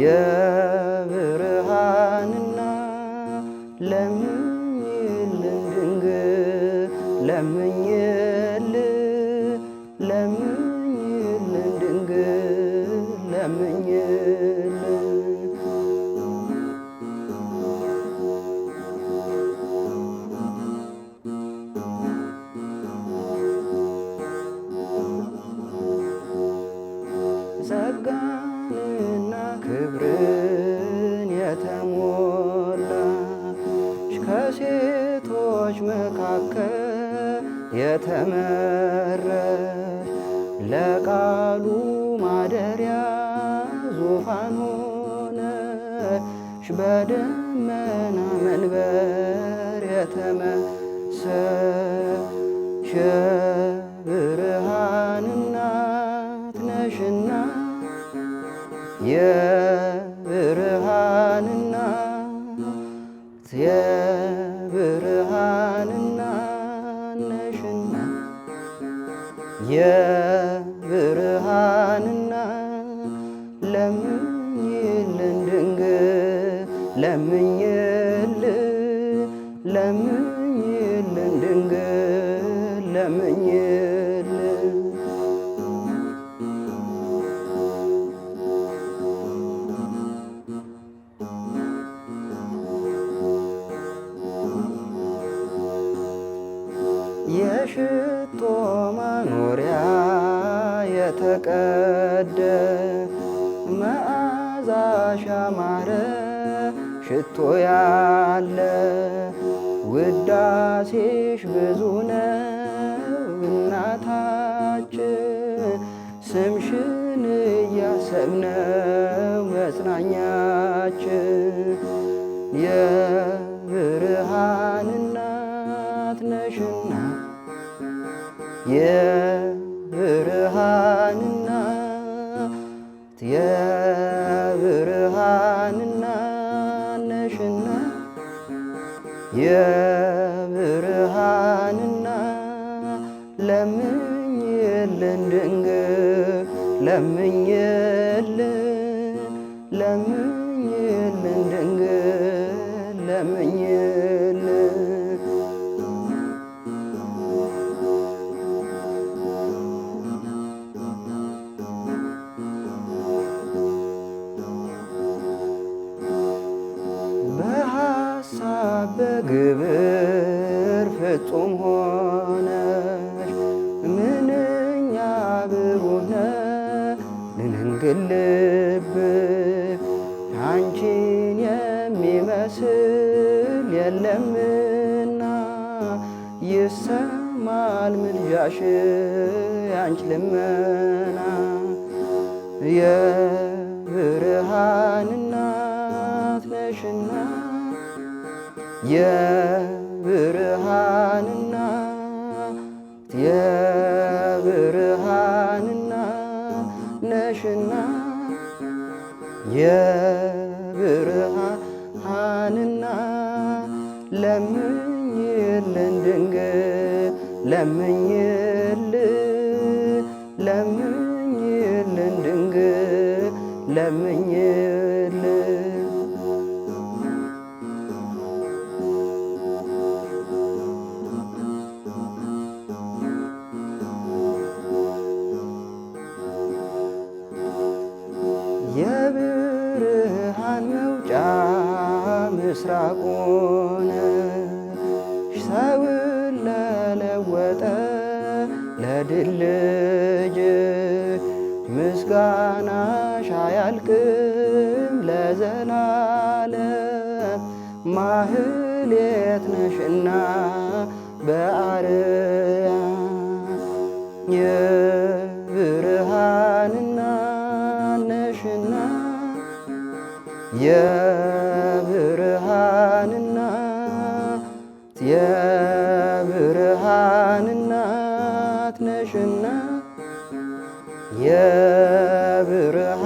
የብር ከአንበሶች መካከል የተመረጥ ለቃሉ ማደሪያ ዙፋን ሆነሽ በደመና መንበር የተመሰሸ ናችሁና መዓዛሽ ያማረ ሽቶ ያለ ውዳሴሽ ብዙ ነው እናታችን ስምሽን እያሰብነው መጽናኛችን የብርሃን እናት ነሽና የብርሃንና ለምኝልን ድንግል ለምኝ ግን ልብ አንቺን የሚመስል የለምና ይሰማል ምልጃሽ ያንቺ ልመና የብርሃን እናት ነሽና የብርሃንና ለምኝልን ድንግል ለምኝልን ለምኝልን ድንግል ለምኝ ሆነ ሰውን ለለወጠ ለድል ልጅ ምስጋናሽ አያልቅም ለዘላለም ማህሌት ነሽና ብርሃት ነሽና የብርሃ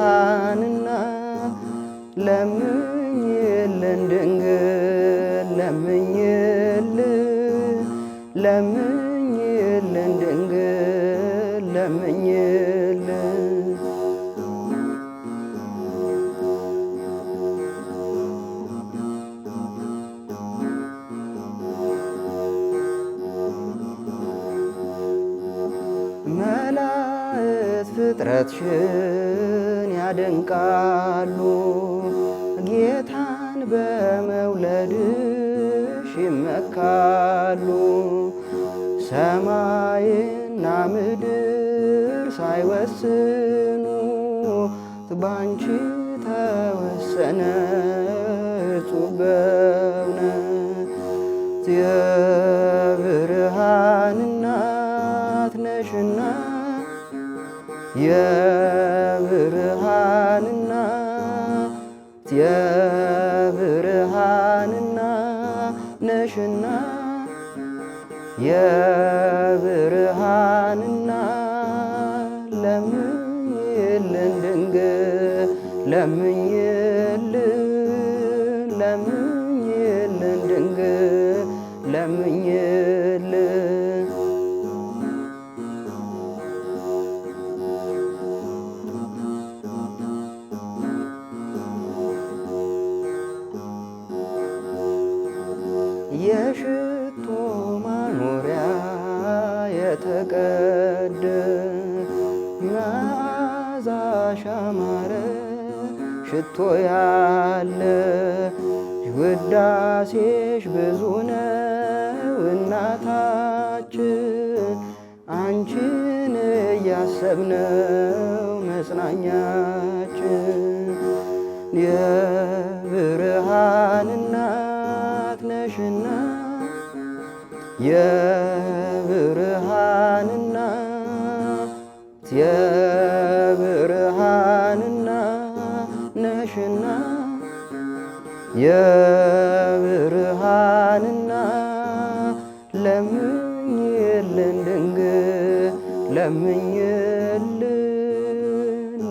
ያደንቃሉ ጌታን በመውለድሽ ይመካሉ። ሰማይና ምድር ሳይወስኑ ባንቺ ተወሰነ ጹበውነ የብርሃን እናት ነሽና ነሽና የብርሃንና ለምኝልን ድንግል ለምኝ ሲወደድ መዓዛሽ ያማረ ሽቶ ያለ ውዳሴሽ ብዙ ነው እናታችን አንቺን እያሰብነው መጽናኛችን ነሽና የብርሃንና ለምኝልን ድንግል ለምኝልን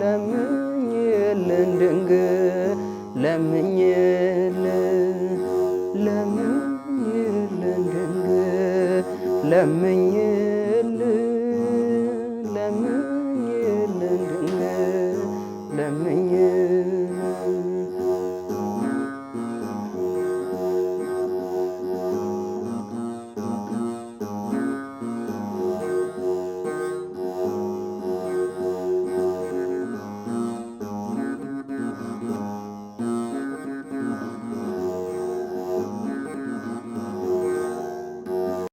ለምኝልን ድንግል ለምኝልን ለምኝልን ድንግል ለምኝ